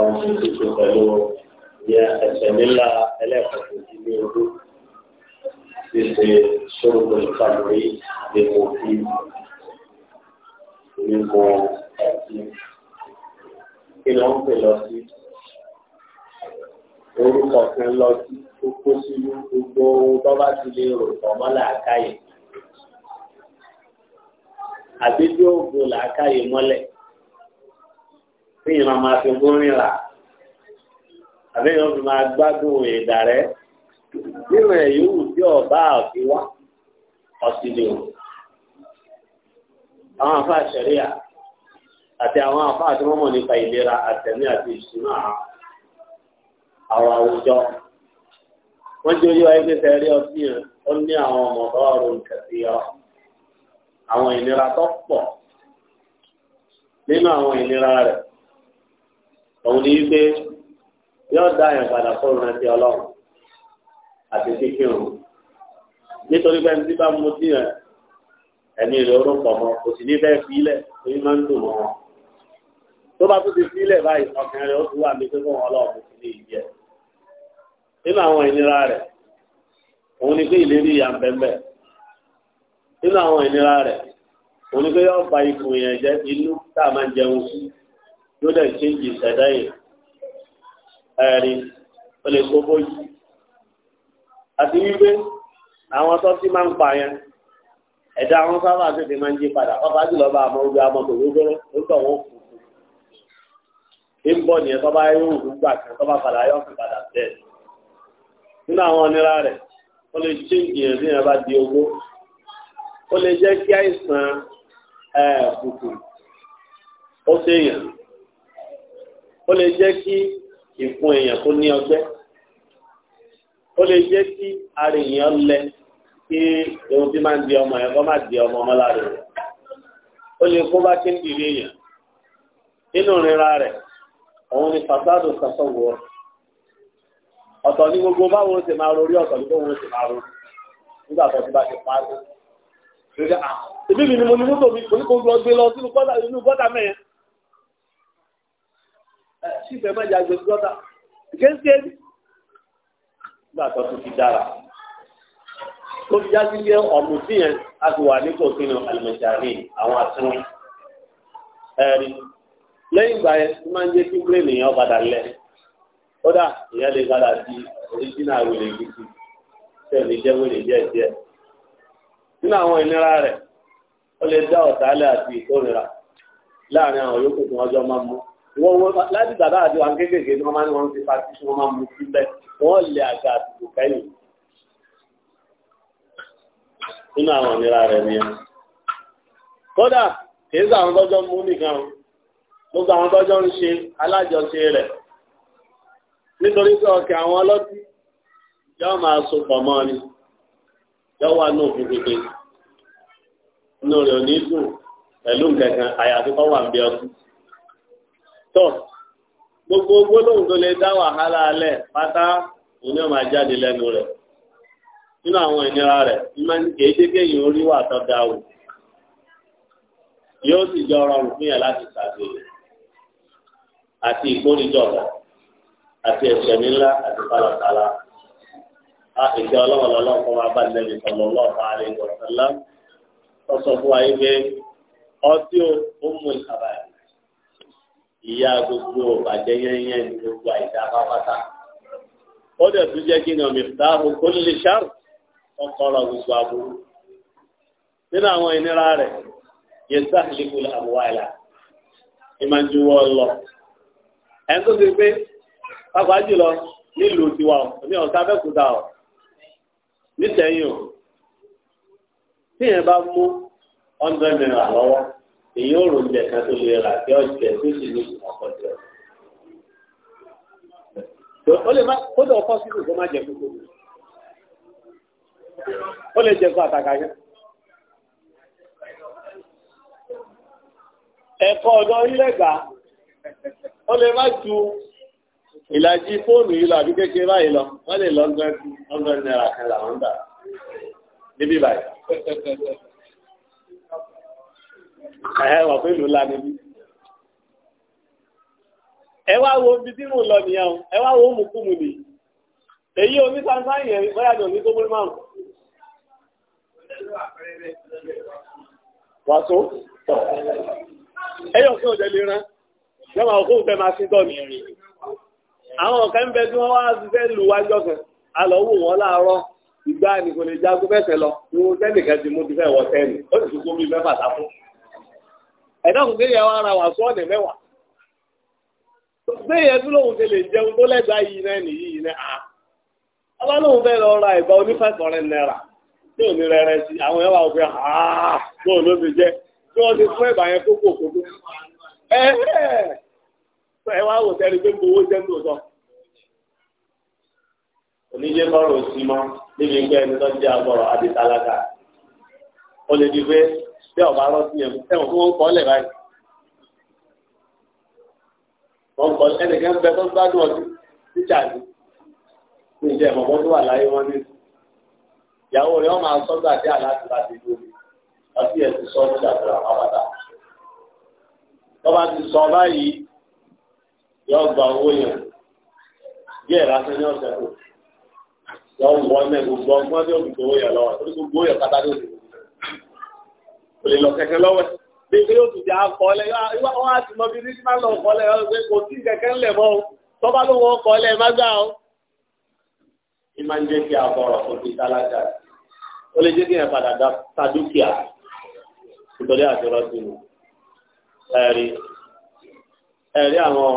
ohun tó ti ṣe pẹ̀lú yẹ ẹsẹ̀ nílá ẹlẹ́ẹ̀kọ̀kọ̀ sí ní ojú ṣíṣe ṣòro ìpàdé ìdìbò sí ìdìbò àti kí ló ń pè lọ sí orúkọ kan lọ sí gbogbo sínú gbogbo bọ́bá ti lè rò ọmọ làákàyè àbí tí ó bo làákàyè mọ́lẹ̀ tí ìran máa fi gbórin là àbí ìran fi máa gbádùn ìdà rẹ nínú ẹ̀ yòówù tí ọba ọ̀sìn wá ọ̀sìn ni o àwọn afa àṣẹríà àti àwọn afa àti mọ́mọ́ nípa ìlera àtẹ̀mí àti ìṣúná àwọn àwùjọ wọ́n jẹ́ oyé wáyé pé rí ọtí rẹ̀ ó ní àwọn ọmọ ọ̀rọ̀ ìkẹsí ọ àwọn ìlera tó pọ̀ nínú àwọn ìlera rẹ̀ òun ni wípé yóò dá àyàn padà fọlùn ẹtì ọlọ́run àti kíkírun nítorí pé ẹni tí bá mú sí yẹn ẹni rẹ orúkọ mọ kò sì ní bẹ́ẹ̀ fílẹ̀ èyí máa ń dùn mọ́ wọn tó bá tún ti fílẹ̀ báyìí ọkàn rẹ ó tún wà ní pé fún ọlọ́run sì ní ìdí ẹ̀ nínú àwọn ìnira rẹ̀ òun ni pé ìlérí ìyá bẹ́ẹ̀ nínú àwọn ìnira rẹ̀ òun ni pé yóò fa ikùn yẹn jẹ inú tá a máa ń jẹun sí yóò dẹ̀ ṣéǹjì ṣẹ̀dá yìí ẹ̀rí ó lè kó bóyí. àti wípé àwọn tó ti máa ń pa yẹn ẹ̀dá àwọn sábà tètè máa ń jí padà ọba jùlọ bá àmọ́ ojú àmọ́ kò gbógbóró ó tọ̀ wọ́n kù. ń bọ̀ ni tó bá yóò wù gbà kan tó bá padà yóò fi padà tẹ̀. nínú àwọn onírà rẹ̀ ó lè ṣéǹjì yẹn bí yẹn bá di owó ó lè jẹ́ kí àìsàn ẹ̀ẹ́dùkù ó ṣèyàn ó lè jẹ́ kí ìfun èèyàn kó ní ọgbẹ́ ó lè jẹ́ kí ara èèyàn lẹ kí ohun tí máa ń di ọmọ yẹn kó má di ọmọ ọmọ lára rẹ̀ ó lè kó bá kí ń dìrí èèyàn nínú ìrora rẹ̀ òun ni fasádù sasọ̀wọ́ ọ̀tọ̀ ní gbogbo báwo ṣe máa rorí ọ̀tọ̀ ní gbogbo ṣe máa rorí nígbà tó ti bá ti pa á lé. ìbí mi ni mo ní mọ́tò mi kò ní kó gbé lọ sínú gọ́tà mẹ́yẹn. tí ìfẹ́ má jàgbé gọ́dà gẹ́gẹ́ nígbà tó tún ti dára tó fi já sí pé ọ̀mù sí a ti wà nípò àwọn ẹ̀rí lẹ́yìn ìgbà yẹn tí máa ń jẹ́ kí yẹn padà kódà lè padà di wèrè gidi àti ìkórira láàrin àwọn yòókù tí mú wọ́n wọ́n láti bàbá àti wọn kéékèèké ni wọ́n máa ń wọ́n ti pàtí tí wọ́n máa mú sí bẹ́ẹ̀ wọ́n lè àga àtìkù kẹ́yìn nínú àwọn ìnira rẹ̀ ni kódà kìí sọ àwọn tọ́jọ́ mú nìkan o gbogbo àwọn tọ́jọ́ ń ṣe alájọṣe rẹ̀ nítorí pé ọkẹ́ àwọn ọlọ́tí yóò máa so pọ̀ mọ́ ni yóò wà ní òfin pípé inú rẹ̀ ò ní dùn pẹ̀lú nǹkan kan àyàfi kọ́ wà ń bí ọtí. tọ́ gbogbo gbólóhùn tó lè dá wàhálà alẹ́ pátá òun ni ó lẹ́nu rẹ̀ nínú àwọn ìnira rẹ̀ kìí ṣe kéèyàn orí wà tọ́ da o yóò sì jọ rọrùn fún yẹn láti ṣàgbéyẹ̀ àti ìkórìjọba àti ẹ̀ṣẹ̀ nílá àti a fún wa yìí pé ọtí ó mú ìyá gbogbo ọ̀bàjẹ́ yẹ́nyẹ́ ní gbogbo àìdá pápátá. ó dẹ̀ tún jẹ́ kí ni ọ̀mì ìdáàbò kó lè ṣàrù ọkọ̀ọ̀rọ̀ gbogbo aburú. nínú àwọn ìnira rẹ̀ yẹn sáàlìkù àbúwá ìlà ìmọ̀júwọ́ lọ. ẹni tó ti pé pápá jùlọ nílùú tiwa ọ̀ ní ọ̀sá abẹ́kúta ọ̀ nítẹ̀yìn ọ̀ tí yẹn bá mú hundred naira lọ́wọ́ èyí ò rò jẹ kan lè rà kí ọjẹ tó sì ní ìmọ̀ kọjá. ó lè má kódà ọkọ sí kò má jẹ kókó ó lè jẹ fún àtàkà yẹn. ẹ̀kọ́ ọ̀dọ́ orílẹ̀-èdè lè má ju ìlàjì fóònù yìí lọ àbí kékeré báyìí lọ wọ́n lè lọ́gbọ́n náírà kan làwọn ń dà níbí báyìí ẹ wọ pé ìlú ńlá níbí. ẹ wá wo ibi tí mò ń lọ nìyẹn o ẹ wá wo òmùkúmu nìyí èyí onífàǹfà yẹn bóyá ní onígbóbó máa ń. wàásù tọ ẹyọ kí òjò lè rán yọmọ òkú fẹ́ máa fi tọ nìyẹn àwọn ọ̀kẹ́ ń bẹ tí wọ́n wá fẹ́ lù wájọ́ kan alọ́wọ́ wọn láàárọ̀ ìgbà nìkan lè jagun fẹsẹ̀ lọ ìwọ̀n tẹ́nìkan ti mú ti fẹ́ wọ tẹ́nì ó sì tún kó mi fẹ́ fàtà ẹ̀dá òun gbéyà wá ara wà sọ ọ̀dẹ̀ mẹ́wàá gbéyà tó lóun ti lè jẹun tó lẹ́gbàá yìí náà nìyí yìí náà àá ah. ọba lóun fẹ́ lọ ra ìbá onífàkọ̀rẹ́ náírà tí ò ní rẹrẹ sí àwọn ẹwà òfin àá bóun ló ti jẹ tí wọ́n ti fún ẹ̀bà yẹn kókó kókó ẹ wá wò sẹ́ni pé gbowó jẹ́ lóòótọ́ oníjẹ́ bọ́ọ̀rọ̀ sí mọ́ níbi pé ẹni tó jẹ́ agbọ̀rọ̀ àbí tálákà ó lè di pé bí ọba rántí yẹn ẹwọn tí wọn kọ ọ lẹ báyìí wọn kọ ẹnìkan bẹ tó ń gbádùn ọdún títà ni ní ìjẹ ìmọ̀mọ́ tó wà láyé wọn ní ìyàwó rẹ wọn máa sọ gbà dé aláàtì láti lórí ọtí ẹ ti sọ nígbà tó àwọn bàtà tọ́ba ti sọ báyìí yọ gba owó yẹn díẹ̀ lásán ní ọ̀sẹ̀ tó yọ wọ́n náà gbogbo ọgbọ́n tí ó fi gbowó yẹn lọ́wọ́ torí gbogbo yẹn pátá ló ti kò lè lọ kẹ̀kẹ́ lọ́wọ́ ẹ̀ bí pé yóò tún jẹ́ akọ́lẹ̀ ah, wọ́n á ti mọ bí ní máa lọ kọ́lẹ̀ ọ̀ pé kò sí kẹ̀kẹ́ ńlẹ̀ mọ́ o tọ́ba ló wọ́n kọ́lẹ̀ má gbà o. ní máa ń jẹ́ kí àbọ̀rọ̀ kò fi tálákà ó lè jẹ́ kí yẹn padà dá ta dúkìá nítorí àjọrọ̀ sí mi ẹ̀rí ẹ̀rí àwọn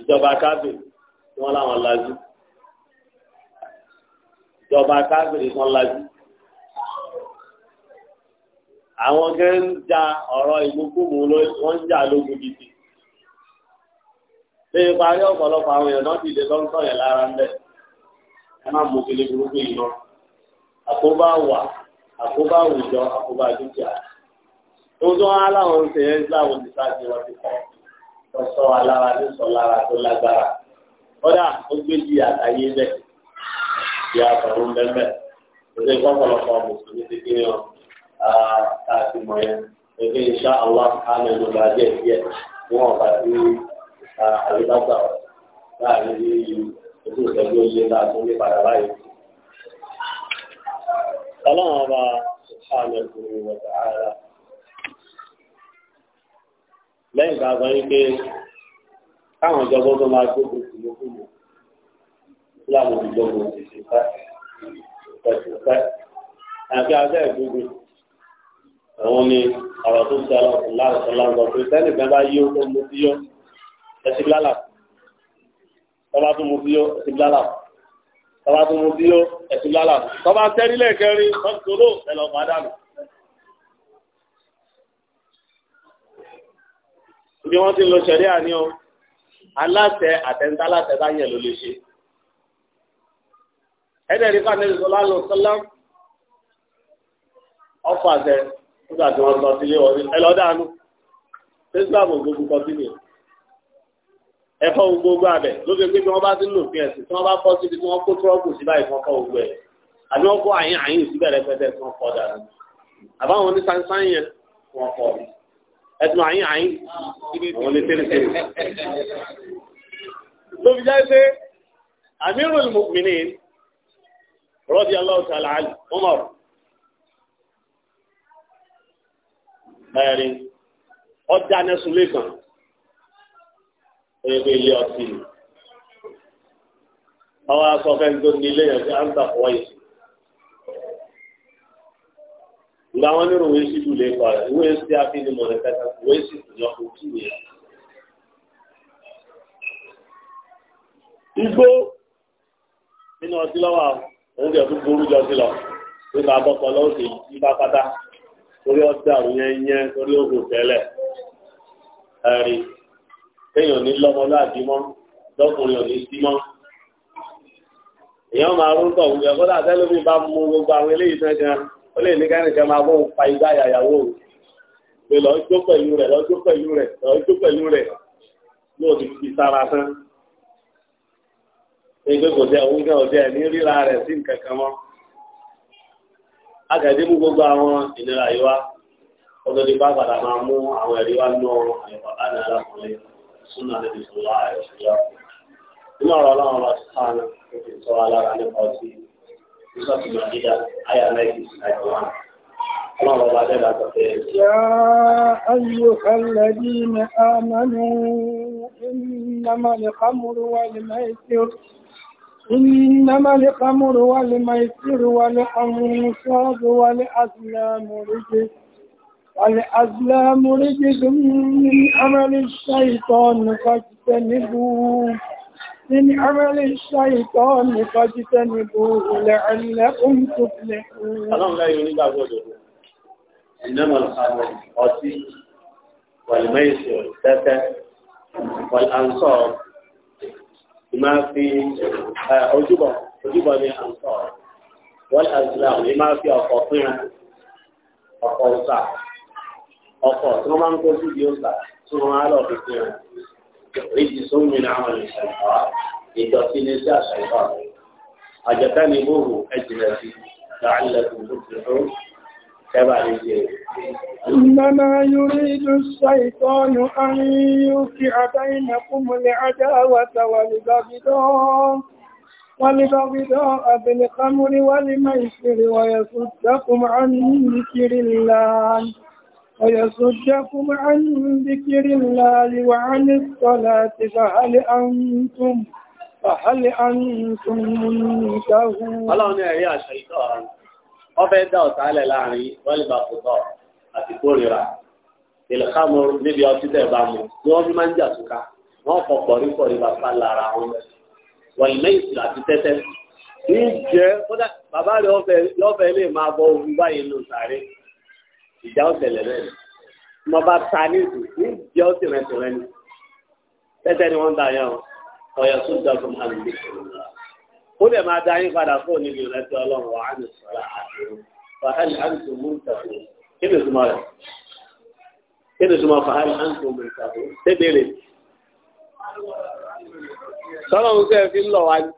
ìjọba kábìrì wọn làwọn lajú ìjọba kábìrì wọn lajú àwọn kan ń ja ọ̀rọ̀ ìmúkúmu wọ́n ń jà lógun gidi. lè parí ọ̀pọ̀lọpọ̀ àwọn èèyàn náà ti dé lọ́ńtọ̀ yẹn lára ń bẹ̀. ẹ má mú kele burúkú yìí lọ. àkóbá wà àkóbá àwùjọ àkóbá dúkìá. ohun tó wá láwọn ń ṣe ẹ́ láwọn olùsáàjì wọn ti kọ́ sọ alára ní sọ lára tó lágbára. kódà ó gbé di àtàyé bẹ́ẹ̀ ìyá àtọ̀rún bẹ́ẹ̀ bẹ́ẹ̀ káàkiri mọ̀ yẹn ebi insha allah kánú ẹnu bá díẹ̀ díẹ̀ wọn ọba tí àyíkágbà láàrin yíyí ojú ìtẹ́jú oyè náà tó ní padà báyìí. ọlọ́run ọba kánú ẹnu wọ̀ sàárà lẹ́yìn tá a sọ yín pé káwọn ìjọba tó máa gbógun sí lókùn mọ́ láwọn ìjọba òṣìṣẹ́ fẹ́ òṣìṣẹ́ fẹ́ àti abẹ́ ìgbógun òun ni ọ̀rọ̀ tó sọ láàrúsọ̀láńgọ̀ pé sẹ́nì kan bá yí ó tó mú sí yó ẹsì lálà tọ́ba tó mú sí yó ẹsì lálà tọ́ba tó mú sí yó ẹsì lálà tọ́ba tẹ́rí lẹ́ẹ̀kẹrin tọ́sọ̀rọ̀ ẹ̀lọ́ pàdánù. bí wọ́n ti lo ṣẹ̀rí àní o aláṣẹ àtẹ̀ntà aláṣẹ bá yẹ̀ ló lè ṣe. ẹ̀dẹ̀rí fún anẹ́sọ̀lá lọ sọ́lá ọ̀fọ̀ nígbà tí wọ́n sọ sílé wọn ní ẹlọ́dàánú sísàmù gbogbo kan sílé ẹ̀fọ́ gbogbo abẹ ló fi pé bí wọ́n bá ti ń lò fi ẹ̀sìn tí wọ́n bá kọ́ síbi tí wọ́n kó tírọ́pù sí báyìí fún ọkọ̀ gbogbo ẹ̀ àbí wọ́n kó àyín àyín síbẹ̀ rẹpẹtẹ tí wọ́n kọ́ dànù àbáwọn ní sáńsáń yẹn wọ́n kọ́ ẹ̀sìn àyín àyín àwọn lè tẹ́lẹ̀ tẹ́lẹ̀. ló fi jáde pé Amirul Mu'minin radiyallahu ta'ala anhu Umar ẹ̀rí ọjà nẹ́sùlẹ̀ kan ẹ̀rí pé ilé ọtí àwọn asọ̀fẹ́ ń tó ní ilé yẹn fi áńtà fọ́ yìí. ìgbà wọn nínú ìwé sí ìlú lẹ́kọ̀ọ́ rẹ̀ ìwé sí àfihàn rẹ̀pẹ́tà ìwé sí ìtùjọ́ kò tù ní ẹ̀. igbó nínú ọtí lọ́wọ́ òun kẹ̀ tó burú jọ sí lọ nípa abọ́kọ̀ lọ́wọ́ sí ìbá pátá torí ọ̀dà yẹn yẹn torí òkú tẹ́lẹ̀ ẹ̀rí kéèyàn ní lọ́mọ láti mọ́ lọ́kùnrin ò ní sí mọ́ èèyàn máa rún tọ̀ wúyẹ kó dàtẹ́ lómi bá mú gbogbo àwọn eléyìí tán gan ó lè ní kẹ́nìkan máa bóun pa igbá yàyàwó pé lọ́jọ́ pẹ̀lú rẹ̀ lọ́jọ́ pẹ̀lú rẹ̀ lọ́jọ́ pẹ̀lú rẹ̀ yóò ti fi sára tán. Ṣé ìgbé kò tẹ òun náà tẹ ní ríra rẹ̀ sí nǹkan kan mọ́? agàdé mú gbogbo àwọn ìnira yìí wá ọdún ní pàápàá máa mú àwọn ẹ̀rí wá nú ọ̀rọ̀ àìfàkánì alákùnrin súnà níbi ìṣòwò àìṣòwò nínú ọ̀rọ̀ ọlọ́run ọba sàánà ó fi sọ alára nípa ọtí bísọ̀tì nàìjíríà àyà mẹ́jì àìsàn wà. يا أيها الذين آمنوا إنما الخمر والميسر إنما الخمر والميسر والأنصاب والأزلام رجس والأزلام رجس من عمل الشيطان فاجتنبوه من عمل الشيطان فاجتنبوه لعلكم تفلحون. اللهم إنما الخمر والميسر والأنصاب ìmáa fi ojúbọ ojúbọ ní àǹtọ̀ wọ́n àìsíláà ní máa fi ọkọ̀ fún ọkọ̀ ọ̀sà ọkọ̀ tí wọ́n máa ń kó sí ìdí ọ̀sà tí wọ́n máa lọ fi fún ẹ̀ ríjì sómi ní àwọn ìṣẹ̀lẹ̀ ìdọ̀tí ní sí àṣà ìbáwọ̀ àjọ̀tá ni ẹ̀jìnlẹ̀ sí láàrín lẹ́kùn tó fi إنما يريد الشيطان أن يوقع بينكم العداوة والبغضاء والبغضاء بالخمر والميسر ويصدكم عن ذكر الله ويصدكم عن ذكر الله وعن الصلاة فهل أنتم فهل أنتم منتهون؟ wọ́n fẹ́ dá ọ̀tá lẹ̀ láàrin wọ́lìbà fòtọ́ àti kórìíra ìlẹ̀kàmù níbi ọtí tẹ̀ bá mu ni wọ́n fi máa ń jà túká wọ́n fọ pọ̀rípọ̀rí bàbá lára wọn wọ̀nyí mẹ́yìsì àti tẹ́tẹ́ ní jẹ́ kódà bàbá rẹ̀ ọ̀fẹ́ lè máa bọ ogun báyìí lò sáré ìjà ọ̀sẹ̀lẹ̀ rẹ̀ mo bá ta ní ìlú ní jẹ́ ọ̀sẹ̀ rẹ̀ ni tẹ́tẹ́ ni wọ́n ń ta yẹn o ọ̀yọ̀ tó dọ̀kùn àlùmí kìlọ̀ ó dẹ̀ máa da yín padà fún onílù lẹ́tí ọlọ́run wà á ní sọ̀rọ̀ àdúró fàhálì àǹtò kí ni ìtumọ̀ rẹ̀ kí ni ìtumọ̀ fàhálì àǹtò tẹ́bẹ̀rẹ̀ fi ń lọ wá ní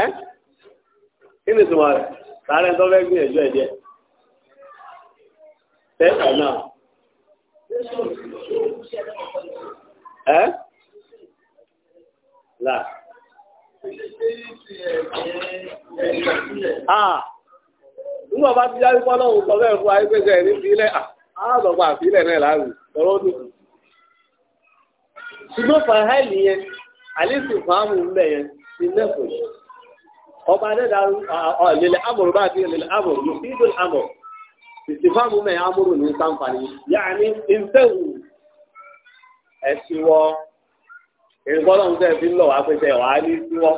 ẹ́ kí ni ìtumọ̀ rẹ̀ tó fẹ́ gbìyànjú ẹ̀ jẹ́ nígbà bá ti yá wípé ọlọ́run bẹ́ẹ̀ fún ayépẹ́sẹ̀ ní sílẹ̀ àádọ́gba àfilẹ̀ náà láàrú lọ́rọ́ ní. ṣùgbọ́n fàáhẹ́lì yẹn àlẹ́sì fàámù ńlẹ̀ yẹn ti nẹ́fọ̀ yìí. ọba adẹ́dà lèlẹ̀ amòrò bá ti lèlẹ̀ ìsì fàámù ní yàrá ní ìfẹ́ wù ẹ̀sìn ìbọ́lọ̀ ń sẹ́ẹ̀ fi ń lọ̀ wá pé sẹ́ẹ̀ wàá ní síwọ́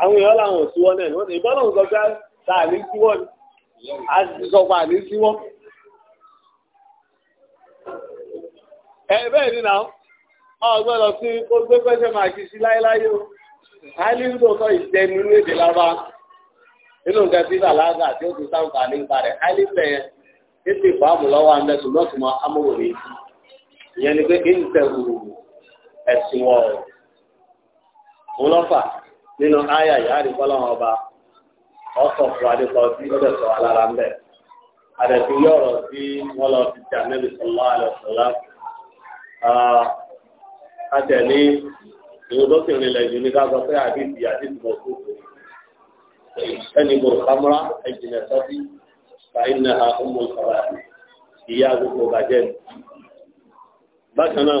àwọn èèyàn làwọn ò síwọ́ náà wọ́n ìbọ́lọ̀ ń sọ pé tá à ní síwọ́ ni a ti sọ pé à ní síwọ́. ẹ bẹ́ẹ̀ ni náà ọgbẹ́ lọ sí ó gbé pẹ́sẹ́ máa ṣe sí láéláé o àìlè ń tòótọ́ ìjẹni ní èdè lábá nínú nǹkan tí bàlágà tí ó ti sáǹfà ní ipa rẹ̀ àìlè bẹ̀yẹn ètò ìbámu lọ́wọ́ àmẹ́sùn lọ́sùnmọ́ amóhùnmí ìyẹn ni pé kí n ẹ̀sìn wọn o. nínú àyà yìí ọba ọsọ fún adìgbò tí ó dẹ̀sọ̀ alára ńbẹ̀. Àdẹ̀sí yọ̀rọ̀ tí wọ́n lọ fi jà A tẹ̀ ní ìwé tó ilẹ̀ ìlú ní ká pé àdìsí àdìsí fún òkú. Ẹni kámúrá ẹ̀jìnlẹ̀ sọ́sí ha ìyá gbogbo bàjẹ́. Bákan náà,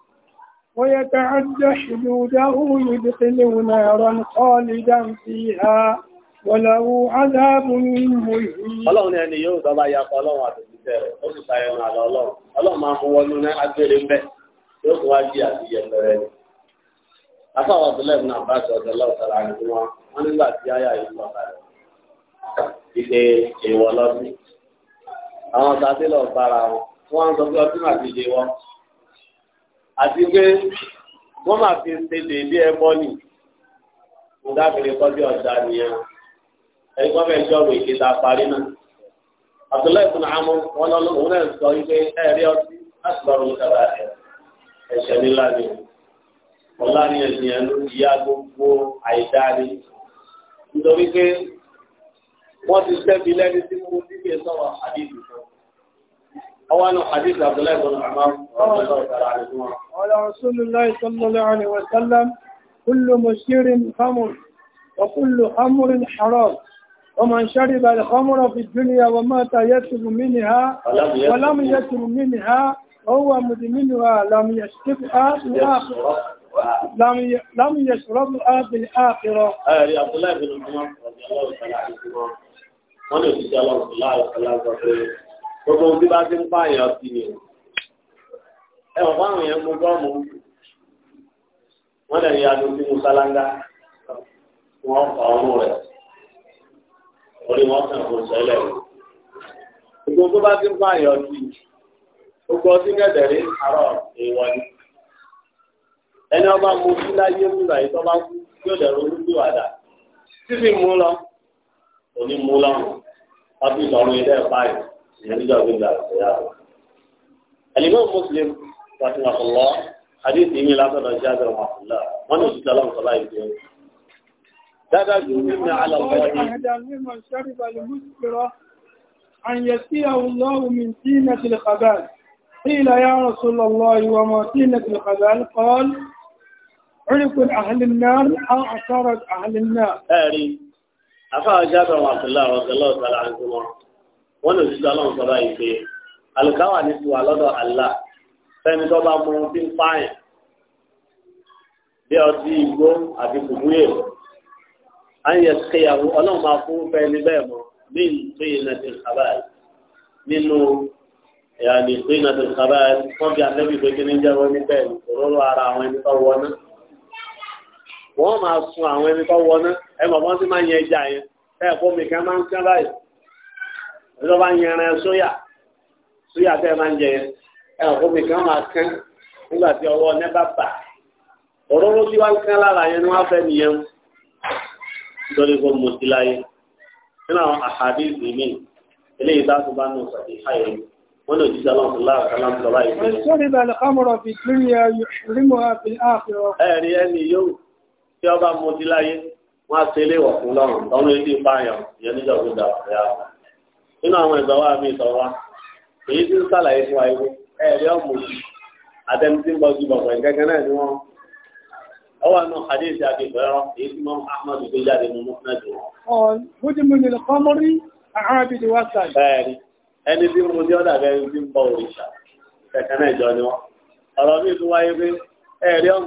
ويتعد حدوده يدخله نارا خالدا فيها وله عذاب مهين Ọlọ́run ẹni yóò dọ́bá yapa ọlọ́run àtòjíṣẹ́ rẹ̀, ó sì sáyẹ̀ máa lọ ọlọ́run. Ọlọ́run máa mú wọnú ní agbèrè ń bẹ̀, yóò tún wá jí àti yẹpẹrẹ ni. Afáwọn ọ̀dọ́lẹ̀ náà bá ṣe ọ̀dọ́ lọ́wọ́ sára ní wọn, wọ́n nígbà tí áyà yìí lọ bá rẹ̀. Ìpè èèwọ̀ lọ sí. Àwọn ọ̀tá sílọ̀ bára wọn, wọ́n ń sọ pé ọtí màá ti lè wọ́n àti pé wọ́n máa fi ṣe dèbí ẹbọ nì ndábìlì kọ́jú ọ̀dà nìyẹn ẹni kọ́ fẹ́ jọ òwe ìkẹta parí náà àtúnlẹ̀ ìfúnná amú wọn lọ lóhùn náà sọ wípé ẹ̀rí ọtí láti lọ́rùn ní kàrà ẹ̀ ẹ̀ṣẹ̀ nílá ni ọ̀la ni ẹ̀sìn ẹ̀ ló ìyá gbogbo àìdáni nítorí pé wọ́n ti sẹ́bi lẹ́ni tí mo ti fi sọ̀rọ̀ àdìdì. أولا حديث رضي الله تعالى عنهما رسول الله صلى الله عليه وسلم كل مسير خمر وكل خمر حرام ومن شرب الخمر في الدنيا ومات يشرب منها ولم يشرب منها هو مدمنها لم يشربها في الآخرة لم لم يشربها الآخرة. أي عبد الله بن عمر رضي الله تعالى عنهما. وأنا الله صلى الله عليه وسلم gbogbo ohun tí bá ti ń pààyàn sí ni ẹ wọ́n fáwọn èèyàn mú gọ́ọ̀mù wọ́n lè rí adu sí musalanga wọ́n fà ọrùn rẹ̀ orí wọn kàn kó ṣẹlẹ̀ gbogbo tó bá ti ń pààyàn sí gbogbo ọtí kẹtẹ̀rẹ́ àárọ̀ èèwọ̀ ni ẹni ọba mu sí láyé múra yìí tó bá kú yóò dẹ̀rọ olúdó àdá títí mú lọ òní mú lọ ọtí ìtọ́run ilé ẹ̀ báyìí. الإمام مسلم رحمه الله حديث إمي العصر جابر رحمه الله وانا جيت لهم صلاة اليوم دابا جمعنا على الله ممن شرب المسكرة أن يسقيه الله من سينة الخبال قيل يا رسول الله وما سينة الخبال قال عنق أهل النار أو عصارة أهل النار أري أفا جابر رحمه الله رضي الله تعالى عنه wọ́n lè ṣiṣẹ́ ọlọ́run sọ báyìí pé àlùkáwà ní tiwa lọ́dọ̀ Allah fẹ́ni tó bá mú tí ń pààyàn bí ọtí igbó àti kùmúyè á ń yẹ kéyàwó ọlọ́run máa fún fẹ́ni bẹ́ẹ̀ mọ́ bí ìtú ìnàtì kábàáyì nínú ìyàní ìtú ìnàtì kábàáyì wọ́n fi àtẹ́bí pé kí ní jẹ́wọ́ níbẹ̀ òróró ara àwọn ẹni tó wọná wọ́n máa sun àwọn ẹni tó wọná ẹ mọ̀ wọ́n sì máa yẹ ẹja yẹn ẹ̀ fọ́ mi kí wọ́n máa ń kí wọ́n báyìí ló bá ń yẹran sóyà sóyà tẹ́ ẹ máa ń jẹ yẹn ẹ ò fún mi kí wọ́n nígbà tí ọwọ́ ọ̀nẹ́ bá bà òróró tí wọ́n kán lára yẹn ni wọ́n fẹ́ nìyẹn nítorí kó mo ti láyé nínú àwọn àhàdí ìsinmi eléyìí bá tó bá nù sàdé káyọ̀ wọ́n lè jíjẹ lọ́wọ́ láàrín kalam lọ́wọ́ ìgbẹ́. ẹ̀sọ́rí balẹ̀ kámọ̀rọ̀ fi kírí ẹ̀ rímọ̀ àfi àfihàn. ẹ̀rí ẹni yóò tí ọba mo ti láyé á ṣe léwọ̀ fún lọ́rùn lọ́rùn etí ìpáyàn ìyẹn níjọ́ gbọ́dọ̀ àfẹ́yà nínú àwọn ìgbà wa mi sọ wa èyí tí ń sàlàyé fún wa yìí ẹ ẹ yọ mọ àtẹnu tí ń bọ ju bàbá ìkẹkẹ náà ni wọn ọwọ àná hadith àti ìbẹrọ èyí tí mọ ahmed gbé jáde ní mọ náà jù wọn. ọ bójú mi nílò kọ́mọ́rí àwọn abidi wa sàn. bẹ́ẹ̀ni ẹni tí mo ti ọdà bẹ́ẹ̀ ti ń bọ òrìṣà kẹkẹ náà jọ ni wọn ọ̀rọ̀ mi tún wáyé pé ẹ ẹ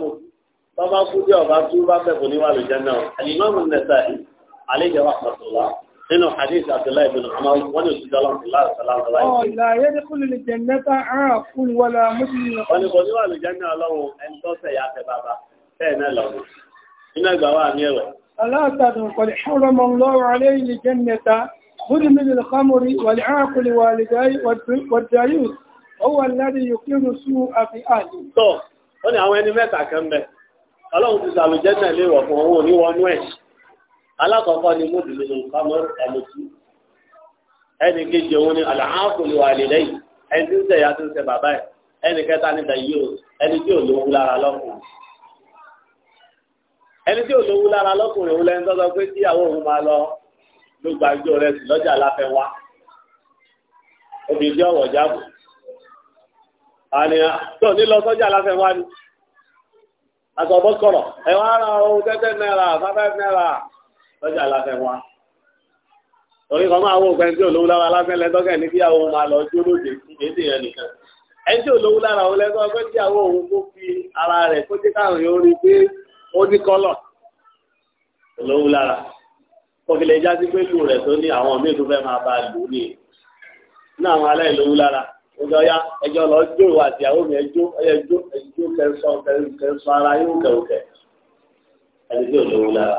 bàbá kú bí ọba tú bá bẹ kò ní wà náà àlìmọ́ mi nẹ̀ sáà nínú hadith abdullahi bin umar wọ́n ní òṣìṣẹ́ aláàbùláà sàlámàlá ọ̀là yẹ́dẹ́ kúlù lè jẹ́ mẹ́ta àrà fún wọlé mùsùlùmí wọ́n ní bọ̀dí wà lè jẹ́ ní ọlọ́run ẹni tó sẹ̀ yá tẹ bàbá bẹ́ẹ̀ náà lọ́wọ́ iná ìgbà wà ní ẹ̀wẹ̀. aláàtàdùn kọ̀lẹ̀ ṣọ́rọ̀ mọ́ lọ́wọ́ alẹ́ ilẹ̀ jẹ́ mẹ́ta bùdí mi lè kámúrí wàlẹ̀ àkùlẹ̀ alákọ̀ọ́kọ́ ni mọ́tò nínú kámọ́ ẹ̀mọ́tú ẹnì kejì òun ni àlàáfòlù àlèlẹ́yìn ẹni tí ń sẹ̀yà tó ń sẹ bàbá ẹ̀ ẹnì kẹta ni dàyíò ẹni tí ò lówó lára lọ́kùnrin ẹni tí ò lówó lára lọ́kùnrin òun lẹ́nu tọ́tọ́ pé kíyàwó òun máa lọ ló gbàgbé rẹ̀ sí lọ́jà láfẹ́ wá obìnrin tí ọ̀wọ̀ jáàbù àníyàn tó ní lọ sọ́jà láfẹ́ wá ni àtọ̀bọ́kọ̀rọ̀ ẹ̀ wá ra ohun tẹ́tẹ́ náírà fáfẹ́ náírà lọ́jà láfẹ́ wá torí kan máa wọ ògbẹ́ni tí olówó lára aláfẹ́lẹ́ tọ́kẹ́ ní kíyàwó máa lọ sí olóde kéde yẹn nìkan ẹni tí olówó lára òun lẹ́tọ́ pé kíyàwó òun kó fi ara rẹ̀ kó jẹ́ káwọn yóò rí pé ó ní kọ́lọ̀ olówó lára kókìlẹ̀ já sí pé lù rẹ̀ tó ní àwọn míì tó fẹ́ máa bá lù ú nìyẹn ní àwọn aláìlówó lára ọjọ́ ya ẹjọ́ lọ jó àtìyàwó mi ẹjọ́ ẹjọ́ ẹjọ́ kẹsàn-án kẹsàn-án ara yóò kẹ̀kẹ́ ẹni tí olówó lára.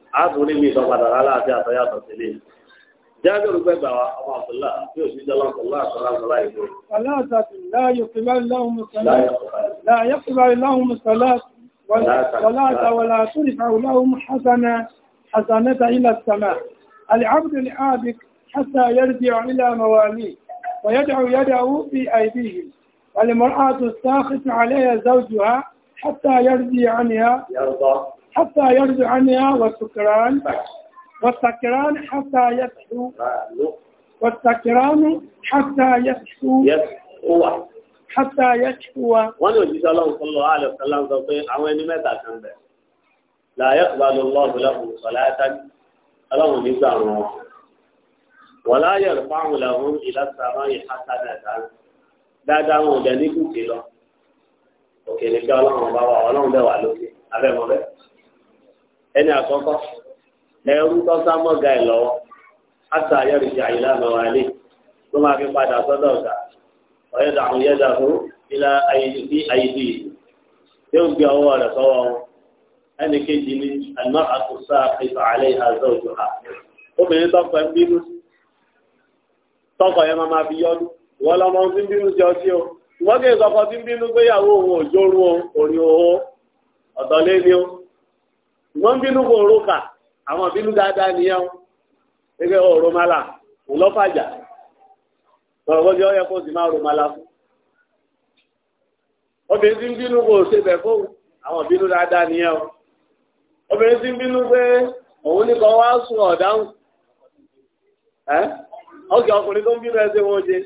àbúrí mi ìdọ́gbàdà rárá àti àtọ́yàtọ̀ sílẹ̀. Jáde olùgbẹ́gbà wa, ọmọ àbúlá, tí ò sí jọlọ àbúlá àtọ́lá àbúlá ìgbò. Aláàtàtì láàyò kìláàrí láhùn mùsàlá, láàyò kìláàrí láhùn mùsàlá, wọlá àtàwọlá àtúrìfà láhùn hasana, hasanata ilẹ̀ sàmà. Al'abdu al'abik, hatta yarji ila mawali, wa yad'u yad'u fi aidihim. Wal mar'atu sakhit alayha zawjuha hatta yarji anha. Yarda. حتى يرجع عنها والسكران والسكران حتى يصحو والسكران حتى يصحو يصحو حتى يصحو wọ́n ní òjíṣẹ́ ọlọ́run tó lọ ààrẹ ọ̀sán láńsọ pé àwọn ẹni mẹ́ta kan bẹ̀ la yaqbalu Allahu lahum salatan ọlọ́run nígbà wọn wala yarfa'u lahum ila as-sama'i hasanatan dáadáa wọn ò dẹ̀ ní kùkì lọ òkè ní kí ọlọ́run bá wà ọlọ́run bẹ̀ wà lókè abẹ́ mọ́ bẹ́ẹ̀ ẹni àkọ́kọ́ ẹrú tọ́sá mọ́gà ẹ̀ lọ́wọ́ àtà ayọ́rìṣà ìlànà wà lé ló máa fi padà sọ́dọ̀ ọ̀gá ọ̀yẹ́dà àwọn yẹ́dà fún ilá ayélují ayélují yóò gbé ọwọ́ rẹ̀ sọ́wọ́ wọn ẹni kejì ni àlùmọ́ àtúnṣà ìfà àlẹ́ àzọ òjò ha obìnrin tọkọ ẹ ń bínú tọkọ yẹn máa fi yọdún ìwọ lọmọ ohun tí ń bínú jẹ ọtí o ìwọ kì í sọkọ tí ń bínú gbéyàwó òun òjòrú òun òun ọ̀tọ̀ wọ́n bínú kò ró kà àwọn bínú dáadáa nìyẹn gẹ́gẹ́ ọ̀rọ̀ mala ọ̀rọ̀ jẹ́ ọ̀yẹ́ kó sì máa fún. obìnrin tí ń bínú kò ṣe bẹ̀ fún àwọn bínú dáadáa nìyẹn obìnrin tí ń bínú pé òun ní wá sùn ọ̀dáhùn ọkùnrin tó ń bínú ẹsẹ̀ wọn jẹ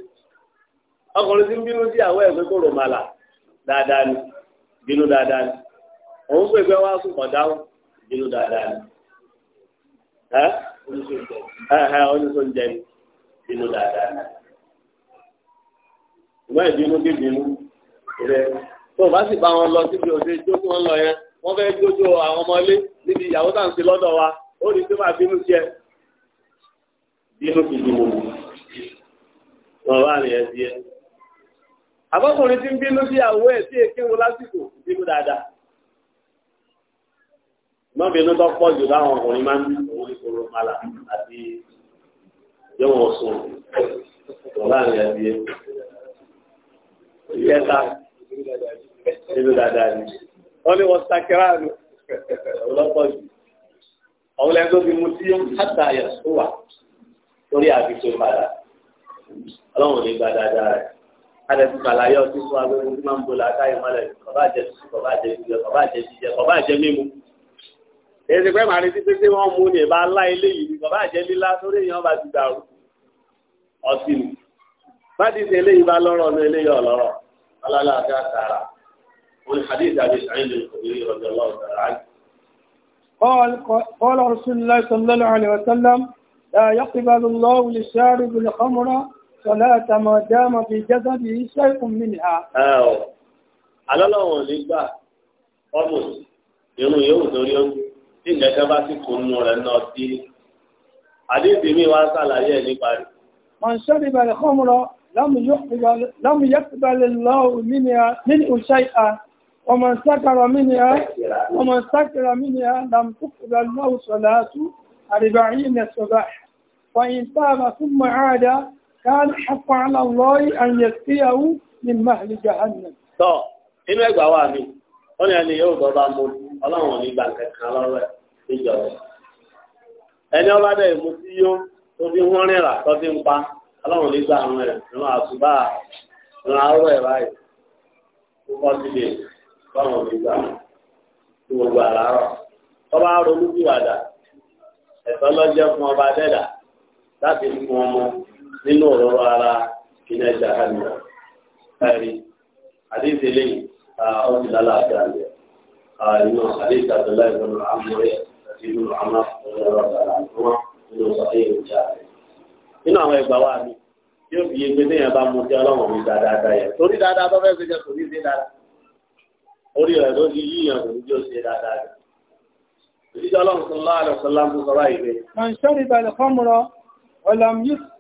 ọkùnrin tí ń bínú sí kò bínú dáadáa ni ẹ ẹ oníṣòǹjẹ ni bínú dáadáa ni ìwọ́n ìbínú bí bínú rẹ tó o bá sì bá wọn lọ síbi òde jókòó wọn lọ yẹn wọ́n fẹ́ jójó àwọn ọmọlé níbi ìyàwó tá à ń ṣe lọ́dọ̀ wa ó ní tó máa bínú jẹ bínú fi bínú wọn wá rìn ẹsẹ̀ yẹn abọ́kùnrin ń bínú sí àwọ̀ ẹ̀ sí èkéwò lásìkò bínú dáadáa mọ́bìnú tó pọ̀ jù láwọn ọkùnrin máa ń wọ́n ní koro mala àti yọ̀wọ̀ sùn láàrin ẹbí ẹ. Ìyẹ́ta nínú dáadáa ni. Wọ́n ní wọ́n sakira ni ọlọ́pọ̀ jù. Àwọn ilẹ̀ tó fi mu tí ó ń hàtà àyẹ̀só wà lórí àbíkó padà. Ọlọ́run ní gba dáadáa rẹ̀. Adẹ̀sí kàlàyé ọtí fún agbẹ́gun tí máa ń bo làákàyè mọ́lẹ̀. Bàbá àjẹsí, bàbá àjẹsí, bàbá àjẹsí, bàbá àjẹmímu èsì pé màá retí pé pé wọ́n mú ní ìbá ńlá ilé yìí ní bàbá àjẹ́ lílá sórí èèyàn bá ti dàrú ọtí ni bá ti ṣe eléyìí bá lọ́rọ̀ ní eléyìí ọ̀lọ́rọ̀ alálàáfíà tààrà wọn hadith àbí sàyìn lè kò ní ìrọ̀jọ́ lọ́wọ́ tààrà. قال رسول الله صلى الله عليه وسلم لا يقبل الله للشارب الخمر صلاة ما دام في جسده شيء منها. أو على الله ولي بقى أمس يوم يوم دوري tí nǹkan bá sì kó nínú rẹ̀ náà dé àdéhùn mi wá sàlàyé ẹ̀ nípa rẹ̀. man shariba al-khamra lam yaqbal Allahu minhu shay'an wa man sakara minha wa man sakara minha lam tuqbal lahu salatu arba'ina sabah wa in taba thumma 'ada كان حق على الله أن يسقيه من مهل جهنم tọ́ inú ẹgbà wà ní wọ́n ni ẹni yóò bọ́ ìjọsìn ẹni ọba dẹ̀ ìmú tí yó tó fi wọn rìnrà tó fi ń pa ọlọ́run lè gba àwọn ẹ̀ ìran àtúbà ìran àárọ̀ ẹ̀ báyìí tó gbogbo ọba ronú fún ọba dẹ́dà láti fún ọmọ nínú òróró ara iná nínú àwọn ọ̀rọ̀ àwọn nínú sọ̀rọ̀ èrò ìjà rẹ̀. nínú wa mi yóò fi yege ní ìyàbá mu tí ọlọ́run mi dáadáa yẹ torí dáadáa tó fẹ́ ṣe jẹ kò ṣe dáadáa orí rẹ̀ ló ti yí ìyàn kò ní ṣe dáadáa rẹ̀. Ìjọ ọlọ́run sọ̀rọ̀ àlọ́ sọ̀rọ̀ àmú sọ̀rọ̀ àìgbé. Màá ń ṣẹ́rí balẹ̀ fọ́mùrọ̀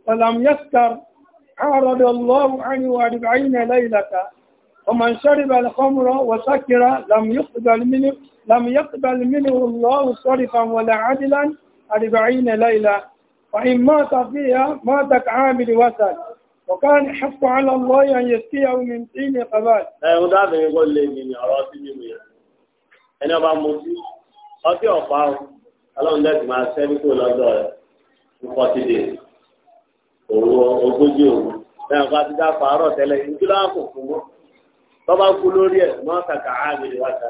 ọ̀làmúyẹ́sítà àárọ̀dọ̀ lọ́wọ́ àníwá àdìgbà ومن شرب الخمر وسكر لم يقبل منه لم يقبل منه الله صرفا ولا عدلا أربعين ليلة وإن مات فيها مات كعامل وسل وكان حق على الله أن يسقيه من طين قبال. ẹ̀hún dábìí ń gbọ́dọ̀ lèmi ní ọ̀rọ̀ sí mímu yẹn ẹni ọba mu sí ọtí ọ̀pá ọlọ́run lẹ́sìn máa sẹ́ni kó lọ́dọ̀ rẹ̀ ní forty days òwò ogójì òwò bẹ́ẹ̀ bá ti dá pàárọ̀ tẹ́lẹ̀ ìdílé àpò fún wọn tọ́ba kú lórí ẹ̀ mọ́ kàkà áàmìlì wáta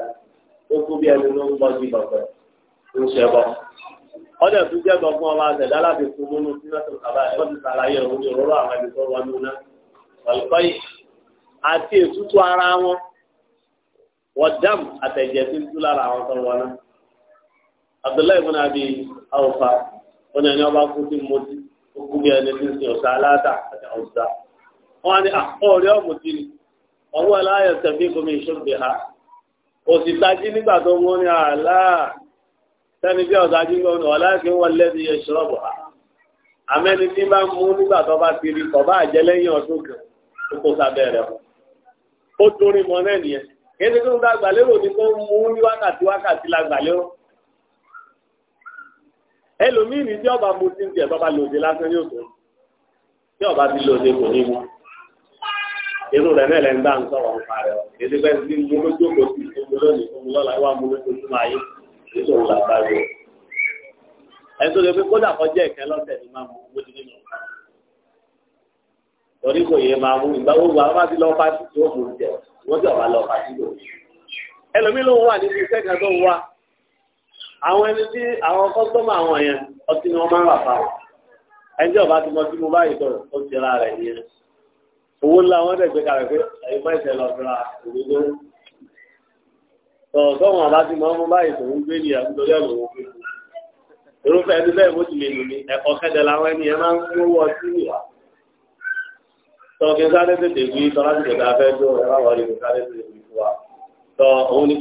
ó kú bí ẹni ló ń bọ́ jí bọ̀tọ̀ ń ṣe bọ́. ọ̀dẹ̀ tó jẹ́ bọ̀ fún ọba àtẹ̀dá láti fún múnú sí lọ́sọ̀ kaba ẹ̀ wọ́n ti sàlàyé òun ní òróró àwọn ẹni tó wọ́n núná. ọ̀lùkọ́ yìí àti ètùtù ara wọn wọ́n dám àtẹ̀jẹ̀ tí ń tú lára àwọn tó wọn náà. Abdullahi ibn Abi ó ní ẹni ọwọ́ aláyọ̀ tẹ̀bí kọ́mi ìṣòbí ha òsì tají nígbà tó mú ní àlá sẹ́ni bí ọ̀dájú gbọ́dọ̀ ọ̀láìkí wọ́n lẹ́bi ẹ̀ṣọ́rọ̀bù ha àmẹ́ni tí bá mú nígbà tó bá ti rí kọ̀ bá jẹ́ lẹ́yìn ọdún kan tó kó sábẹ́ rẹ̀ ó torí mọ́ náà nìyẹn kéde tó ń gba àgbàlérò ni tó ń mú ní wákàtí wákàtí la gbàlérò ẹlòmíì ní tí ọba mu ti ń tó bá lòdì lásán yóò tó tí ọba ti lòdì kò ní mú irú rẹ̀ náà lẹ́nu bá ń sọ̀rọ̀ nípa rẹ̀ èdè bẹ́ẹ̀ ní mo ló jókòó sí ìfowó lónìí fún mi lọ́la wà mo ló tójú máa yé èso ń là bá yẹ. ẹ̀sùn lè fi kódà kọjá ìkẹ́ lọ́sẹ̀ ní máa mú owó dídí nù. torí kò yẹ máa mú ìgbà gbogbo àwọn máa ti lọ fásitì tí ó mú jẹ wọ́n ti ọ̀bá lọ fásitì lò. ẹlòmíì ló ń wà níbi iṣẹ́ kan tó ń àwọn ẹni tí owó ńlá wọn dẹ̀ gbé kalẹ̀ pé ẹ̀yin máa ṣe lọ fúnra òdodo tọ̀ sọ́wọ́n àbá ti máa ń mú báyìí tó ń gbé nìyà nítorí ọ̀nà òwò fífò irúfẹ́ ẹni bẹ́ẹ̀ bó ti lè lù mí ẹ̀kọ́ kẹ́dẹ̀ làwọn ẹni yẹn máa ń mú wọ sí ìwà tọ́ kí n sáré tètè wí tọ́ láti tètè afẹ́ tó ẹ bá wọlé kí n sáré tètè wí fún tọ́ òun ní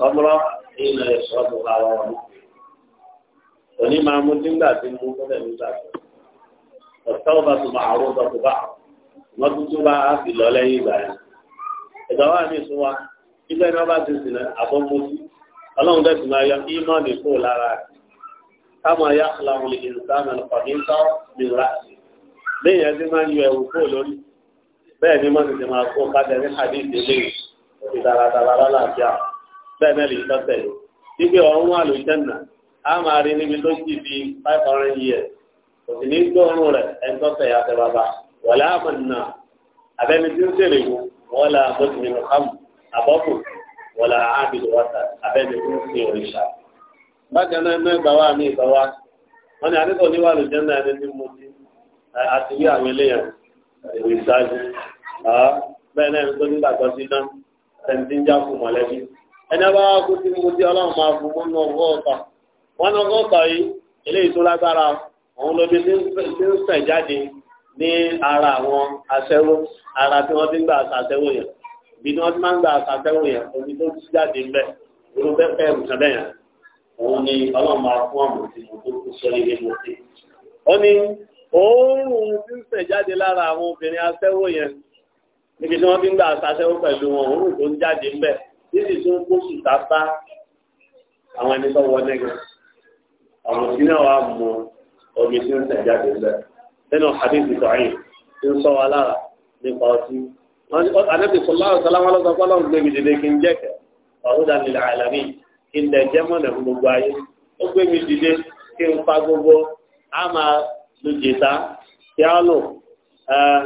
pẹ́ ìnà ẹ̀sọ́ ọ̀bùn ara wọn. òní máa mú nígbà tí mú kọ́lẹ̀ nígbà tó. ọ̀tọ́ ọba tó máa rú ọba tó bá wọn tuntun bá a sì lọ lẹ́yìn ìgbà yẹn. ẹ̀dá wa mi sún wa ilé ẹni ọba ti sìn àbọ̀mọ́sí ọlọ́run bẹ́ẹ̀ sì máa yọ ìmọ̀ nìkó lára rẹ̀. káwọn ayá làwọn lè lẹ́yìn ẹni máa ń yọ ẹ̀wù kó lórí bẹ́ẹ̀ ni mọ́tò ti máa kó kájẹ ní àdéhùn lẹ́yìn ó ti dáradára lálàáfíà bẹ́ẹ̀ náà lè tọ́tẹ̀ wípé ọ̀run wà ló jẹ́nà á máa rí níbi tó jì bí five hundred years kò sì ní gbọ́rùn rẹ̀ ẹni tọ́tẹ̀ yàtọ̀ bàbá wọ̀lá àmọ̀nà abẹ́ni tí ń sèrè wò wọ́n la bọ́sì nínú kàmù àbọ́kù wọ̀lá ábìlì wọ́tà abẹ́ni tí ń sè òrìṣà. bákan náà ẹgbẹ́ ìgbà wa ní ìgbà wa wọ́n ní àdékò ní wà ló jẹ́nà ẹni tí mo ti àti bí àwọn eléyàn ìwé ìsáájú bẹ́ẹ̀ náà ẹni tó nígbàgbọ́ sí náà ẹni tí ń já fún mọ̀lẹ́bí ẹni ọba kú sí mo ti ọlọ́run máa fún mọ́nú ọgọ́ ọ̀tà wọn ní ọgọ́ ọ̀tà yìí eléyìí tó lágbára òun lóbi tí ń sàn jáde ní ara àwọn aṣẹ́wó ara tí wọ́n ti ń gbà aṣàṣẹ́wó yẹn ibi tí wọ́n ti máa ń gbà aṣàṣẹ́wó yẹn omi tó ti jáde ń bẹ̀ irú bẹ́ẹ̀ fẹ́ẹ́ bùkàn bẹ́ẹ̀ yẹn òun ni ọlọ́run máa fún ọ̀mọ̀ tí mo tó kú ilé mo ti. ó ní òórùn tí ń sàn jáde lára àwọn obìnrin aṣẹ́wó yẹn níbi tí wọ́n ti ń gbà aṣàṣẹ́wó pẹ̀lú wọn òórùn tó ń jáde ń bẹ̀ níbi tó ń kó sùtà bá àwọn ẹni tó wọ nẹ́gẹ́ àwọn tí náà wà mọ omi tí ń tẹ̀lé àdé lẹ nínú hadithi sọ̀yìn tí ń sọ wa lára nípa ọtí anabi sallallahu alaihi wasallam ọlọ́run gbé mi dìde kí n jẹ́kẹ̀ ọ̀húdà nílẹ̀ àlàmì kí n dẹ̀ jẹ́ mọ́nà fún gbogbo ayé ó gbé mi dìde kí n fa gbogbo a máa lu jìta kí á lò eh,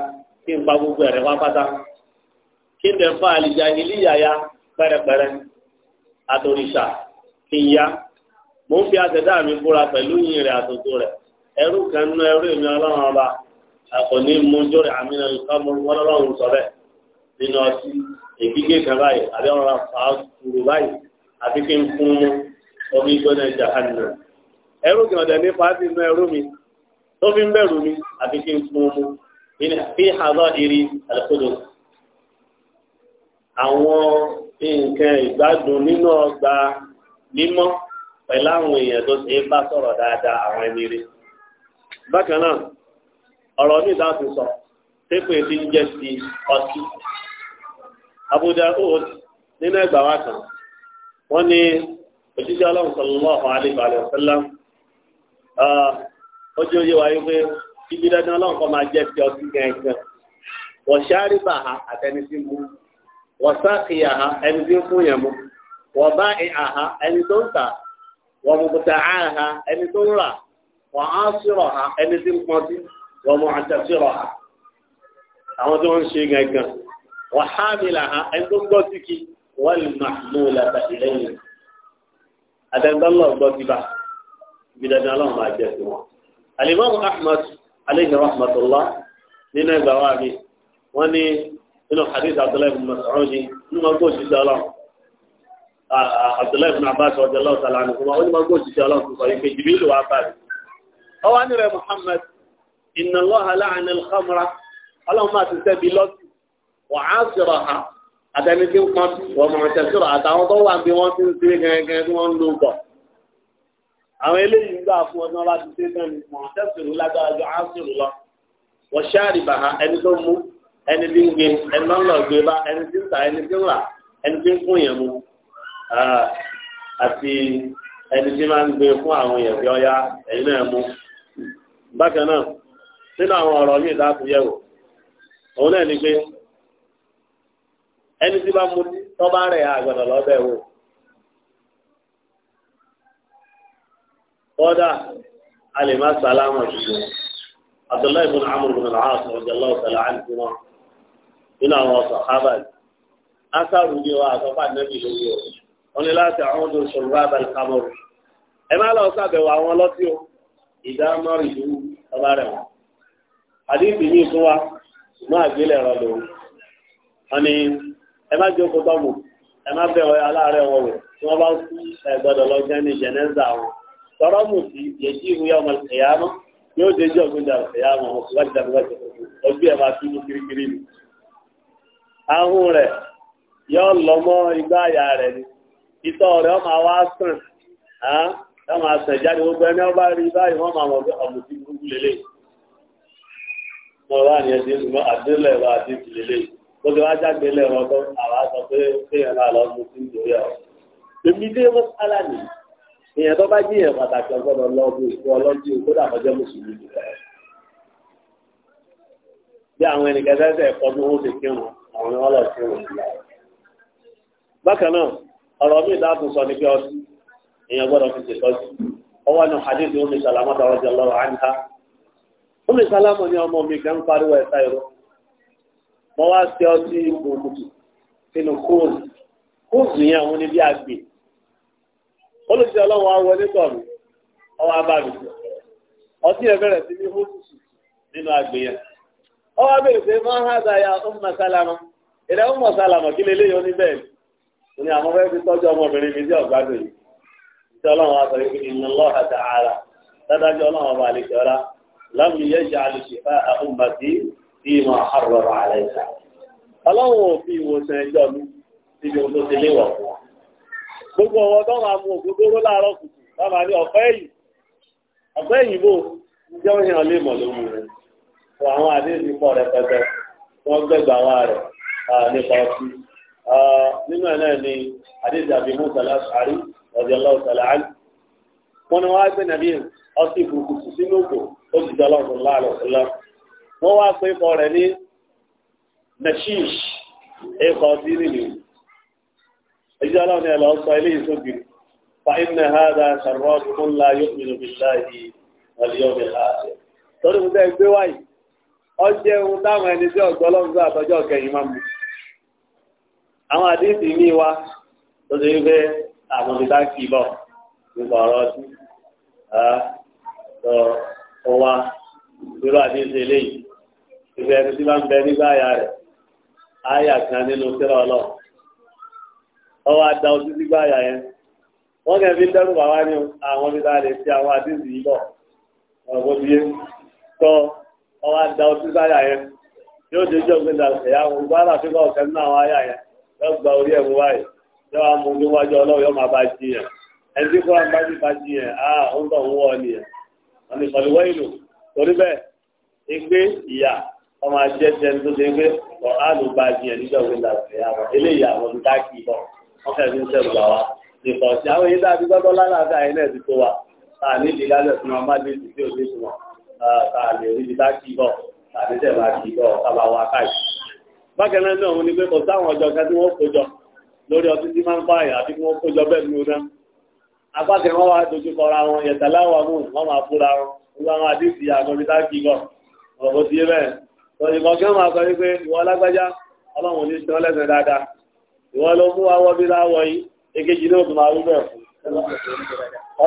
kí n fa gbogbo ẹ̀rẹ̀ wá pátá kí n dẹ̀ fa àlìjà ìlíyàyà pẹrẹpẹrẹ àtòrìṣà kí n fi mi búra pẹ̀lú yìnyín rẹ̀ àtòtò rẹ̀ ẹrú kan nú ẹrú ọba àkọ́ mojó rẹ̀ àmì náà lùkọ́ mọ́ wọn nínú ọtí èkíkẹ́ kan báyìí àbí báyìí àti kí n fún omi ẹja ẹrú kan ẹrú mi tó fi ń mi àti kí n fún fi ìrì àwọn nǹkan ìgbádùn nínú ọgbà mímọ́ pẹ̀lú àwọn èèyàn tó ṣe é bá sọ̀rọ̀ dáadáa àwọn ẹni rẹ̀. bákan náà ọ̀rọ̀ ní ìdáàbò sọ pépè ti ń jẹ́ ti ọtí. Abu Daud nínú ẹgbàá wa kan wọ́n ní òṣìṣẹ́ ọlọ́run sallallahu alaihi wa sallam ó jẹ́ òye wáyé pé ibi dandan ọlọ́run kan máa jẹ́ ti ọtí gẹ̀ẹ́gẹ́ wọ̀ṣáárì bàá àtẹnisí mú wọ́sáàkì àhá ẹni tí ń fún yẹn mú wọ́n bá àhá ẹni tó ń tà wọ́n mọ̀kútà àhá ẹni tó ń rà wọ́n á sírọ̀ ha ẹni tí ń pọ́n sí wọ́n mọ̀ àtẹ sírọ̀ ha àwọn tó ń ṣe gangan wọ́n hámìlà ha ẹni tó ń gbọ́ sí kí wọ́n lè má mú un lẹ́ta ìlẹ́yìn àtẹnudọ́lọ́ gbọ́ sí bá ibi dandan máa jẹ sí wọn. alimami ahmad aleyhi rahmatulah nínú ẹgbàá wa wọ́n ní nínú hadith abdullahi bin Mas'ud ní ma gbó òṣìṣẹ́ ọlọ́run abdullahi bin Abbas ọjọ́ lọ́wọ́ sàlá ní kuma ó ní ma gbó òṣìṣẹ́ ọlọ́run sọ yìí pé jìbìlì wà bá rẹ̀ Muhammad inna Allaha la'ana al-khamra ọlọ́run máa ti sẹ́bi lọ́sì wà á sọ̀rọ̀ ha àtẹni tí ń pọn wọ́n mọ̀ ọ̀tẹ̀ sọ̀rọ̀ àtàwọn tó wà ti ń ṣe gẹ́gẹ́ àwọn eléyìí ń gbà fún ọdún ọba ti ṣe tán ni mọ̀ ju á lọ wọ́n ṣáàrì bàhá ẹni tó mú ẹni tí ń gbé ẹni máa ń lọ gbé bá ẹni tí ń ta ẹni tí ń rà ẹni tí ń fún yẹn mu àti ẹni tí máa ń gbé fún àwọn yẹn bí ọya ẹ̀yin náà mu. bákan náà nínú àwọn ọ̀rọ̀ yìí dákúyẹ̀wò òun náà ni pé ẹni tí bá mu tọ́ba rẹ̀ àgbàdo lọ́bẹ̀ wò. kọ́dà a lè má sálámà jùlọ. Abdullahi bin Amr bin al-As radiyallahu ta'ala anhu nínú àwọn sàhábà asáru bí wa àtọ́fà nẹ́bí lórí o wọn ni láti àwọn ọdún sọ̀rọ̀ abẹ́lẹ̀ kámọ́rù ẹ má lọ ṣàbẹ̀wò àwọn ọlọ́tí o ìdá márùn ìlú ọba rẹ̀ wọn. àdìsí yìí fún wa ṣùgbọ́n àgbélẹ̀ rọ lòun wọn ni ẹ má jókòó tọ́mù ẹ má bẹ̀ ọ̀yà aláàárẹ̀ wọn wò tí wọ́n bá kú ẹ lọ jẹ́ ní jẹ̀nẹ́sà wọn tọrọ mù sí yẹtí ìwé ọmọ ìyá náà yóò dé jẹ́ ògbóǹdà ìyá wọn wọ́n ti wájú ahụ rẹ̀ yóò lọ mọ́ igbá àyà rẹ̀ ni ìtọ̀ rẹ̀ ọmọ àwa sàn án yóò máa ma gbogbo ẹni ọba rí báyìí wọ́n máa mọ̀ pé ọ̀mù ti gbogbo lélẹ̀ mo wá ní ẹni ẹni àdélẹ̀ wa àti ìdílélẹ̀ wá jáde tó pé kéèyàn náà lọ mú sí ìdórí èmi dé wọ́n sálà ní èèyàn tó bá jíyàn pàtàkì àwọn ni wọ́n lọ sí òun. bákan náà ọ̀rọ̀ mi ìdáàbò sọ ni pé ọtí èèyàn gbọ́dọ̀ fi ṣètọ́jú ọwọ́ ni hadith omi salama dọ̀rọ̀ jẹ àńká omi salama ni ọmọ mi pariwo ẹ̀ta ìró mo wá sí ọtí sínú kóòlù kóòlù yẹn àwọn àgbè olùsí ọlọ́wọ́ ọwọ́ ọtí ẹ̀ bẹ̀rẹ̀ Ọ bèèrè pé máa ń hàdà ya ọmọ sálámà ìrẹ́ ọmọ sálámà onye lélẹ́ yóò ní bẹ́ẹ̀ ni ni àwọn fẹ́ẹ́ fi tọ́jú ọmọbìnrin mi sí ọ̀gbádùn yìí tí ọlọ́run aṣọ yìí fi iná lọ́ọ̀hà tà ara dádájọ́ fún sọ àwọn àdéhùn pọ̀ rẹpẹtẹ wọ́n gbẹ̀gbà wa rẹ̀ nípa ọtí. nínú ẹ̀ náà ni àdéhùn àbí musa lásàárì ọ̀dẹ̀ ọlọ́ọ̀sálà á wọn ni wọ́n á gbé nàbí ọtí burúkutu sínú òkò ó ti dọ́lọ́ wọ́n wá pé ikọ̀ rẹ̀ ní nashish ikọ̀ tí nìyí ẹjọ́ aláwọ̀ ni ẹ̀lọ́ sọ ilé ìsókè fa inna hadha sharratu man la yu'minu billahi wal yawmil akhir torí mo fẹ́ gbé wáyìí ọjẹ́ ohun táwọn ẹni tí ọ̀gbọ́n lọ́gbọ́n àtọ́jọ́ kẹyìn máa mú. àwọn àdéhìsì ní wa tó ṣe wípé àwọn kì í bọ̀ nípa ọ̀rọ̀ ọtí tó wá irú àdéhìsì eléyìí ìfẹ́ ẹni tí máa ń bẹ nígbà rẹ̀ kan nínú sílẹ̀ ọlọ́ ọ wá da ojú sígbà yẹn wọ́n kẹ́ fi dẹ́rù bàbá ní àwọn àwọn yìí bọ̀ ọwọ́ àdá ojú sáyà yẹn yóò dojú ọ̀gbìn dàgbẹ̀ yà wọ́n gbọ́ àlàfíà ọ̀kẹ́ nínú àwọn àyà yẹn yóò gba orí ẹ̀ mú wáyé yóò wá mú níwájú ọlọ́run yóò máa bá jí yẹn ẹni tí kúrò bá jí bá jí yẹn á ó ń bọ̀ ń wọ́ ni yẹn wọn ni pẹ̀lú wẹ́yìn lò torí bẹ́ẹ̀ igbe ìyà ọmọ ajẹ́ tẹni tó ṣe gbé ọ̀ áàlù bá jí yẹn níjọ́ ọ̀gbìn dàgbẹ̀ yà wọ́n eléyìí àwọn olùdá tààlè bákan náà náà wọn ni pé kò sáwọn ọjọ́ kan tí wọ́n kó lórí ọtí tí máa ń pààyàn àti wọ́n kó bẹ́ẹ̀ nínú náà. apákan wọn wá dojú kọra wọn yẹ̀tà láwọn mú wọn máa fúra wọn wọ́n máa sọ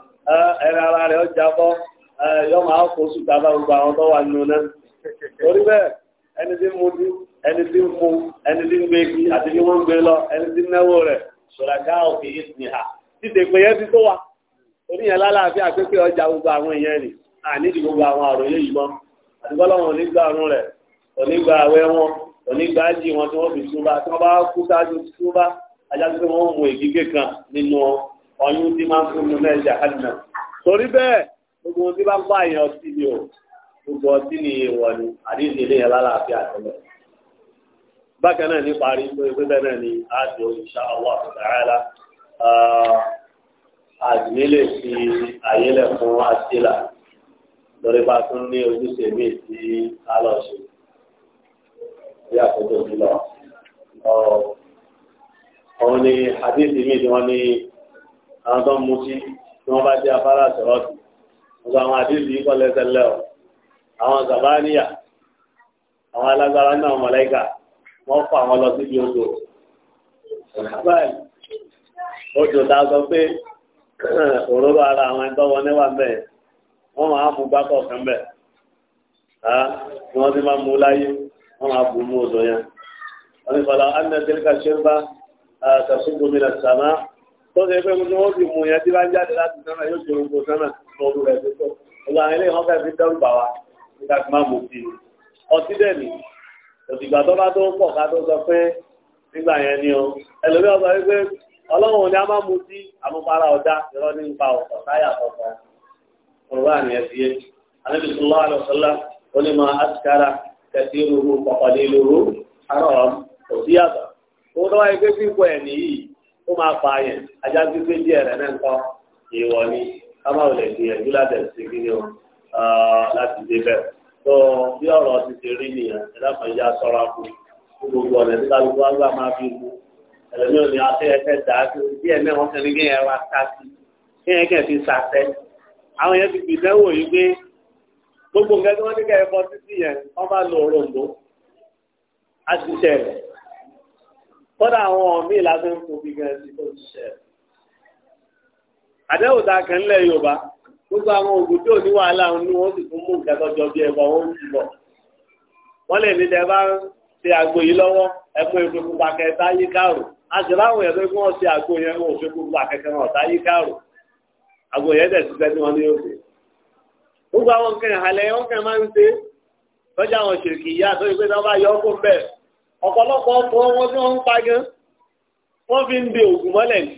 ẹ̀rẹ̀ ara rẹ̀ ọjà bọ́ yọ máa kó sùtà bá gbogbo àwọn tó wà nínú náà torí bẹ́ẹ̀ ẹni tí ń mojú ẹni tí ń mu ẹni tí ń gbé igi àti bí wọ́n ń lọ ẹni tí ń náwó rẹ̀ ṣòlàgá òkè yìí ti hà títè pé yẹn ti tó wa lálàáfíà pé ọjà gbogbo àwọn èèyàn rì gbogbo àwọn àròyé yìí mọ́ onígbà rẹ̀ onígbà ọyún tí máa ń fún mi náà jàhánà torí bẹ́ẹ̀ gbogbo ohun tí bá ń bá èèyàn sí ni o gbogbo ọtí ni èèwọ̀ ni àdéhùn ilé yẹn lálàáfíà tẹ́lẹ̀ bákan náà ní parí pé pípẹ́ náà ni àjò insha Allah ta'ala àdìní lè fi àyẹlẹ fún àtìlà lórí bá tún ní ojúṣe mi tí a lọ ṣe bí àkókò mi lọ. Òun ni àdéhùn mi ni wọ́n ní àwọn tó ń mutí tí wọ́n bá jẹ́ afárá àtẹ̀rọ́tì gbogbo àwọn àdéhùn yìí kọ́ lẹ́sẹ̀ lẹ́ o àwọn zabaniya àwọn alágbára náà mọ̀lẹ́kà wọ́n fọ àwọn lọ síbi odò báyìí odò tá a sọ pé òróró ara àwọn ẹgbẹ́ wọn níwà bẹ́ẹ̀ wọ́n máa mú gbákọ̀ kan bẹ́ẹ̀ ha ni wọ́n ti máa mú láyé wọ́n máa bù mú odò yẹn wọ́n ní fọlá anna tilka shirba tasubu min as-sama' tó ṣe pé gbogbo mú yẹn tí bá jáde láti sánà yóò ṣe sánà lọ́dún rẹ̀ tó ilé wọn fẹ́ fi dẹ́rù bà wá nígbà tí máa sí i ọtí dẹ̀ ní òtìgbà tó bá tó pọ̀ ká tó sọ pé nígbà yẹn ni o ẹlòmí ọgbà ọlọ́run ni a máa mú sí amúpara ọ̀dá ní nípa ti ó máa pa àyàn ajá gbígbé díẹ̀ rẹ̀ náà kọ́ ìwọ̀ ni kámáwò lè gbìyànjú láti ẹ̀sìn kí ni o láti dé bẹ́ẹ̀. tó bí ọ̀rọ̀ ti ti rí nìyẹn ẹ̀dá kan ìjà sọ́ra kù kí gbogbo ọ̀nà tí kálukú wá gbà máa fi wú ẹ̀lẹ́mí ò ní akẹ́yẹkẹ́ dà á sí díẹ̀ náà wọ́n kẹ́ni kí yẹn wá ká sí kí yẹn kẹ́ fi sàtẹ́. àwọn yẹn ti fi dẹ́wò yìí pé gbogbo nǹkan tí wọ́n ní kẹ́ ẹ kódà àwọn ọ̀mí ìlàsẹ̀ ń fò bí gan-an sí tó ṣiṣẹ́. àdéhùn ta kàn lẹ̀ yorùbá gbogbo àwọn òògùn tí ò ní wàhálà ń ní wọ́n sì tún mú nǹkan tọ́jọ́ bí ẹ̀bọ̀ wọn ń bọ̀. wọ́n lè ní tẹ́ bá ń ṣe àgbo yìí lọ́wọ́ ẹ̀kún epo pupa kẹta yí káàrò a sì láwọn ẹ̀rọ kí wọ́n ṣe àgbo yẹn wọn ò fi pupa kẹkẹ wọn káàrò àgbo ọ̀pọ̀lọpọ̀ ọkọ̀ wọn tí wọ́n ń pa gan wọ́n fi ń de ògùn mọ́lẹ̀ ní.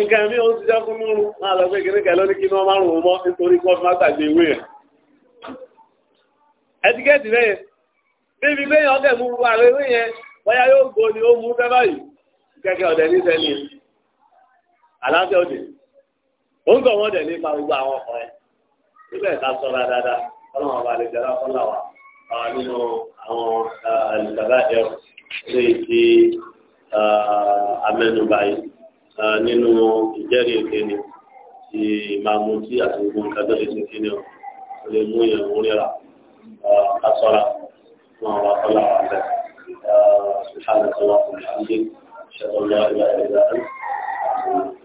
nǹkan mi ò ń ṣiṣẹ́ fún mímú máa lọ pé kìnnìkan lónìí kí wọ́n máa rùn ún mọ́ nítorí kí wọ́n fi má gbàgbé ìwé rẹ̀. ẹtíkẹ́ẹ̀tì rẹ̀ bíbi pé yàn kẹ̀ mú àwọn ewé yẹn bóyá yóò gbó ni ó mú fẹ́ báyìí kẹ́kẹ́ ọ̀dẹ̀ ní sẹ́ni àlàáfíà òde ó ń gbọ̀ wọ́n dẹ̀ nípa gbogbo àwọn ọkọ̀ ẹ̀ níbẹ̀ ká sọ́ra dáadáa ọlọ́run ọba àlejò aláfọlá wa nínú àwọn àlùbàbà ẹ léyìí tí amẹnubà yìí nínú ìjẹ́rìí èké ni ti máa mú tí àti gbogbo nǹkan tó lè ṣe kí ni o lè mú yẹn ń ríra kásọ́ra fún àwọn afọlá wa bẹ́ẹ̀ سبحانك اللهم وبحمدك اشهد ان لا اله الا انت